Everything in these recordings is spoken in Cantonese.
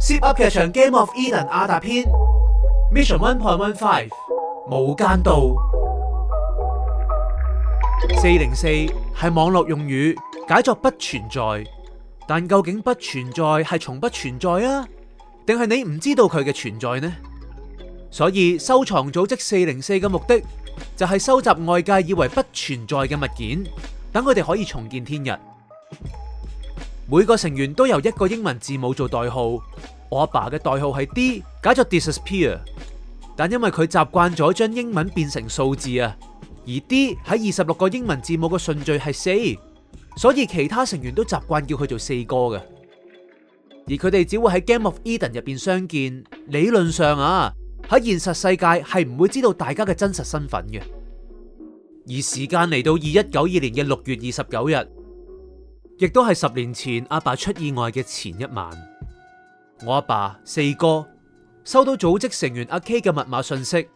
Zip 噏劇場 Game of Eden》阿達篇，Mission 1.15，無間道。四零四係網絡用語，解作不存在。但究竟不存在係從不存在啊？定係你唔知道佢嘅存在呢？所以收藏組織四零四嘅目的，就係收集外界以為不存在嘅物件，等佢哋可以重見天日。每個成員都有一個英文字母做代號，我阿爸嘅代號係 D，解作 disappear。但因為佢習慣咗將英文變成數字啊，而 D 喺二十六個英文字母嘅順序係四，所以其他成員都習慣叫佢做四哥嘅。而佢哋只會喺 Game of Eden 入面相見，理論上啊喺現實世界係唔會知道大家嘅真實身份嘅。而時間嚟到二一九二年嘅六月二十九日。亦都係十年前阿爸，爸出意外嘅前一晚，我阿爸，爸四哥收到組織成員阿 K 嘅密碼信息，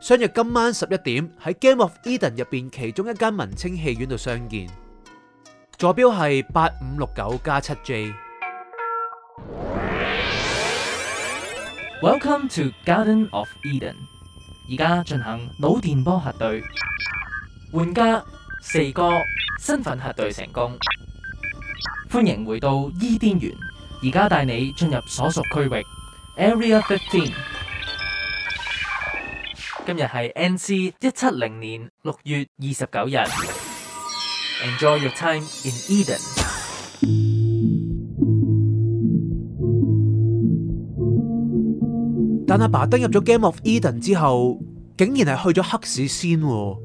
相約今晚十一點喺 Game of Eden 入面其中一間文青戲院度相見，坐標係八五六九加七 J。Welcome to Garden of Eden，而家進行腦電波核對，玩家四哥身份核對成功。歡迎回到伊甸園，而家帶你進入所屬區域 Area Fifteen。今日係 NC 一七零年六月二十九日。Enjoy your time in Eden。但阿爸登入咗 Game of Eden 之後，竟然係去咗黑市先喎，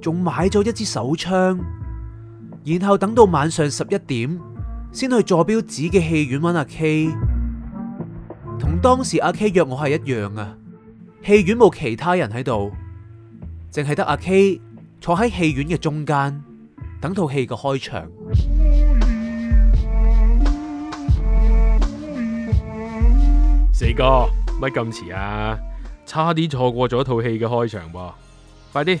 仲買咗一支手槍，然後等到晚上十一點。先去座標指嘅戲院揾阿 K，同當時阿 K 約我係一樣啊！戲院冇其他人喺度，淨係得阿 K 坐喺戲院嘅中間等套戲嘅開場。四哥，乜咁遲啊？差啲錯過咗套戲嘅開場噃！快啲！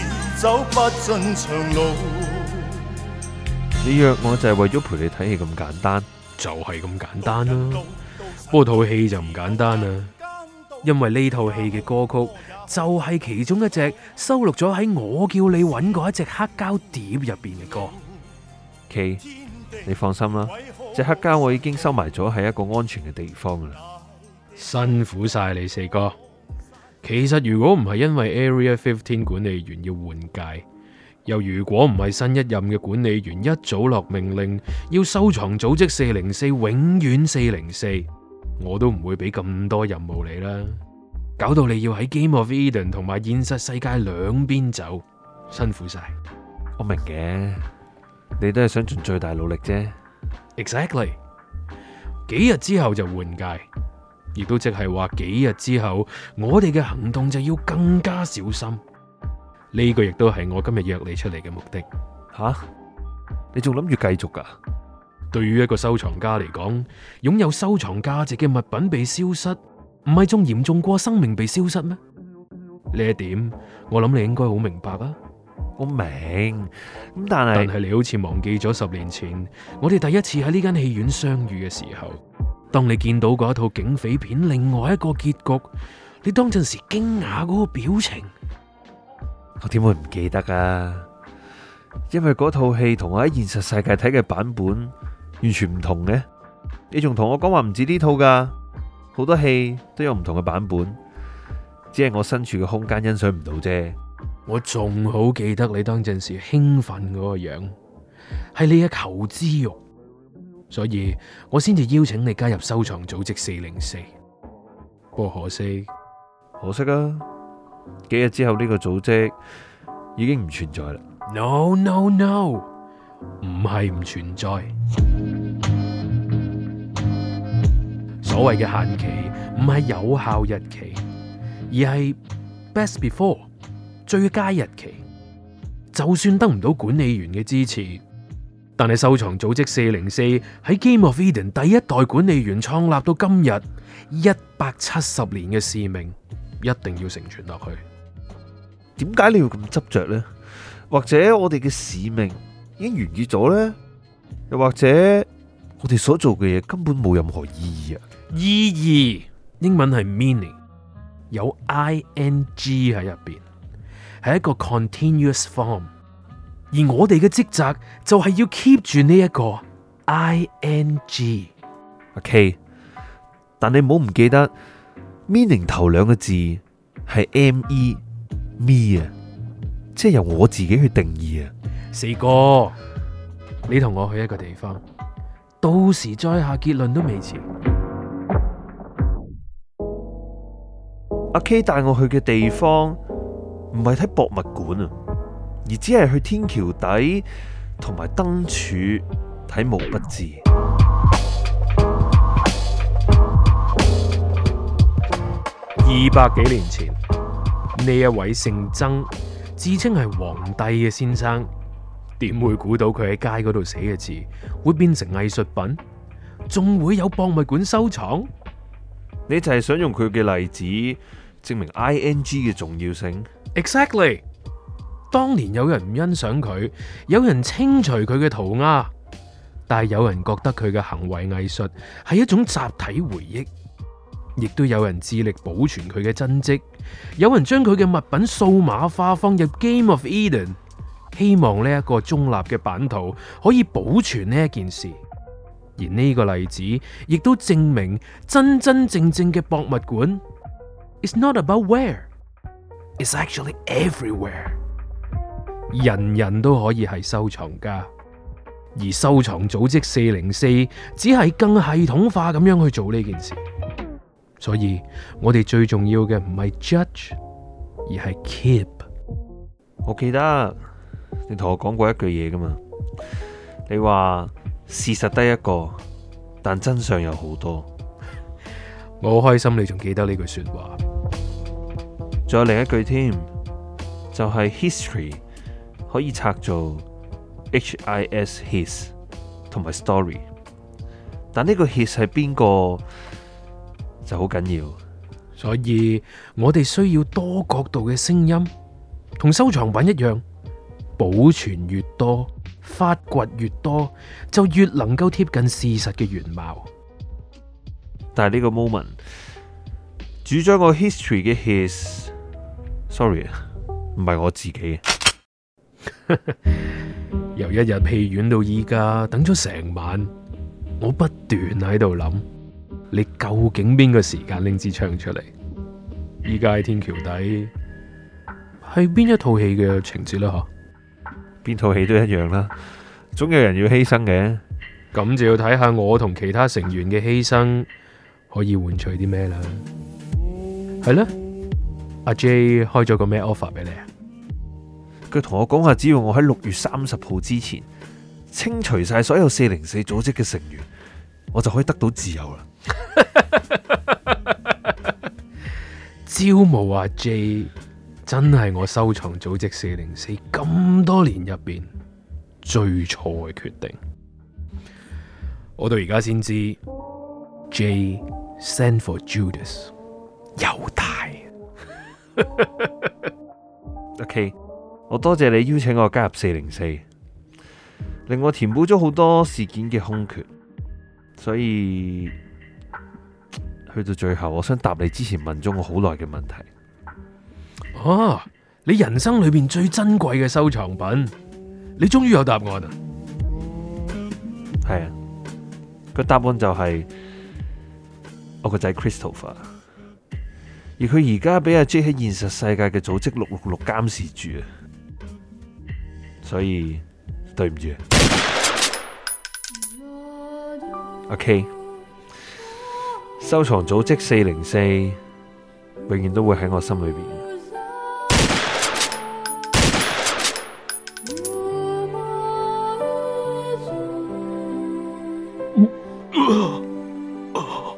走不進長路。你約我就係為咗陪你睇戲咁簡單，就係、是、咁簡單啦、啊。不過套戲就唔簡單啦、啊，因為呢套戲嘅歌曲就係其中一隻收錄咗喺我叫你搵嗰一隻黑膠碟入邊嘅歌。K，你放心啦，隻黑膠我已經收埋咗喺一個安全嘅地方噶啦。辛苦晒你四哥。其實如果唔係因為 Area 15管理員要換屆，又如果唔係新一任嘅管理員一早落命令，要收藏組織404永遠404，我都唔會俾咁多任務你啦。搞到你要喺 Game of Eden 同埋現實世界兩邊走，辛苦晒。我明嘅，你都係想盡最大努力啫。Exactly，幾日之後就換屆。亦都即係話，幾日之後我哋嘅行動就要更加小心。呢個亦都係我今日約你出嚟嘅目的。吓，你仲諗住繼續噶？對於一個收藏家嚟講，擁有收藏價值嘅物品被消失，唔係仲嚴重過生命被消失咩？呢一點我諗你應該好明白啊。我明，但係但係你好似忘記咗十年前我哋第一次喺呢間戲院相遇嘅時候。當你見到嗰一套警匪片另外一個結局，你當陣時驚訝嗰個表情，我點會唔記得啊？因為嗰套戲同我喺現實世界睇嘅版本完全唔同呢。你仲同我講話唔止呢套噶，好多戲都有唔同嘅版本，只係我身處嘅空間欣賞唔到啫。我仲好記得你當陣時興奮嗰個樣，係你嘅求知欲。所以我先至邀請你加入收藏組織404，不過可惜，可惜啊！幾日之後呢個組織已經唔存在啦。No no no，唔係唔存在。所謂嘅限期唔係有效日期，而係 Best before 最佳日期。就算得唔到管理員嘅支持，但係收藏組織四零四喺 Game of Eden 第一代管理員創立到今日一百七十年嘅使命，一定要承存落去。點解你要咁執着呢？或者我哋嘅使命已經完結咗呢？又或者我哋所做嘅嘢根本冇任何意義啊？意義英文係 meaning，有 i n g 喺入邊，係一個 continuous form。而我哋嘅職責就係要 keep 住呢一個 I N G 阿 K，但你唔好唔記得 meaning 頭兩個字係 M E me 啊，即係由我自己去定義啊。四哥，你同我去一個地方，到時再下結論都未遲。阿 K 帶我去嘅地方唔係睇博物館啊。而只係去天橋底同埋燈柱睇毛筆字。二百幾年前，呢一位姓曾，自稱係皇帝嘅先生，點會估到佢喺街嗰度寫嘅字會變成藝術品，仲會有博物館收藏？你就係想用佢嘅例子證明 ING 嘅重要性？Exactly。當年有人唔欣賞佢，有人清除佢嘅塗鴉，但係有人覺得佢嘅行為藝術係一種集體回憶，亦都有人致力保存佢嘅真跡，有人將佢嘅物品數碼化放入《Game of Eden》，希望呢一個中立嘅版圖可以保存呢一件事。而呢個例子亦都證明真真正正嘅博物館，It's not about where，it's actually everywhere。人人都可以係收藏家，而收藏組織四零四只係更系統化咁樣去做呢件事。所以我哋最重要嘅唔係 judge，而係 keep。我記得你同我講過一句嘢噶嘛？你話事實得一個，但真相有好多。我好開心你仲記得呢句說話。仲有另一句添，就係 history。可以拆做 h i s his 同埋 story，但呢個 his 係邊個就好緊要，所以我哋需要多角度嘅聲音，同收藏品一樣，保存越多，發掘越多，就越能夠貼近事實嘅原貌。但係呢個 moment，主張個 history 嘅 his，sorry 啊，唔係我自己。 由一日戲院到依家，等咗成晚，我不斷喺度諗，你究竟邊個時間拎支槍出嚟？依家喺天橋底，係邊一套戲嘅情節啦？嗬，邊套戲都一樣啦，總有人要犧牲嘅，咁 就要睇下我同其他成員嘅犧牲可以換取啲咩啦。係啦，阿 J 開咗個咩 offer 俾你啊？佢同我講話，只要我喺六月三十號之前清除晒所有四零四組織嘅成員，我就可以得到自由啦。招募 啊，J 真係我收藏組織四零四咁多年入邊最錯嘅決定。我到而家先知，J send for Judas，有大。 OK。我多謝你邀請我加入四零四，令我填補咗好多事件嘅空缺，所以去到最後，我想答你之前問咗我好耐嘅問題。哦，你人生裏面最珍貴嘅收藏品，你終於有答案啦？係啊，個答案就係我個仔 Christopher，而佢而家俾阿 J 喺現實世界嘅組織六六六監視住啊！所以對唔住，阿 K，收藏組織四零四，永遠都會喺我心裏邊。唔，哦，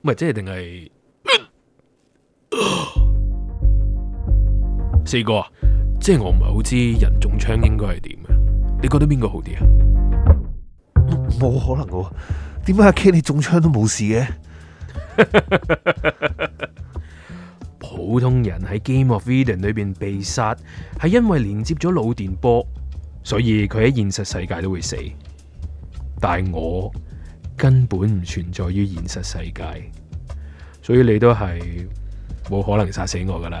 唔係即係定係？四哥啊，即係我唔係好知人中槍應該係點啊？你覺得邊個好啲啊？冇可能嘅，點解阿 K 你中槍都冇事嘅？ 普通人喺《Game of Eden》裏邊被殺，係因為連接咗腦電波，所以佢喺現實世界都會死。但係我根本唔存在於現實世界，所以你都係冇可能殺死我噶啦。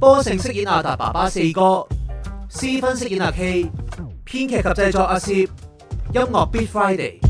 波城飾演阿達爸爸四哥，詩芬飾演阿 K，編劇及製作阿攝，音樂 Beat Friday。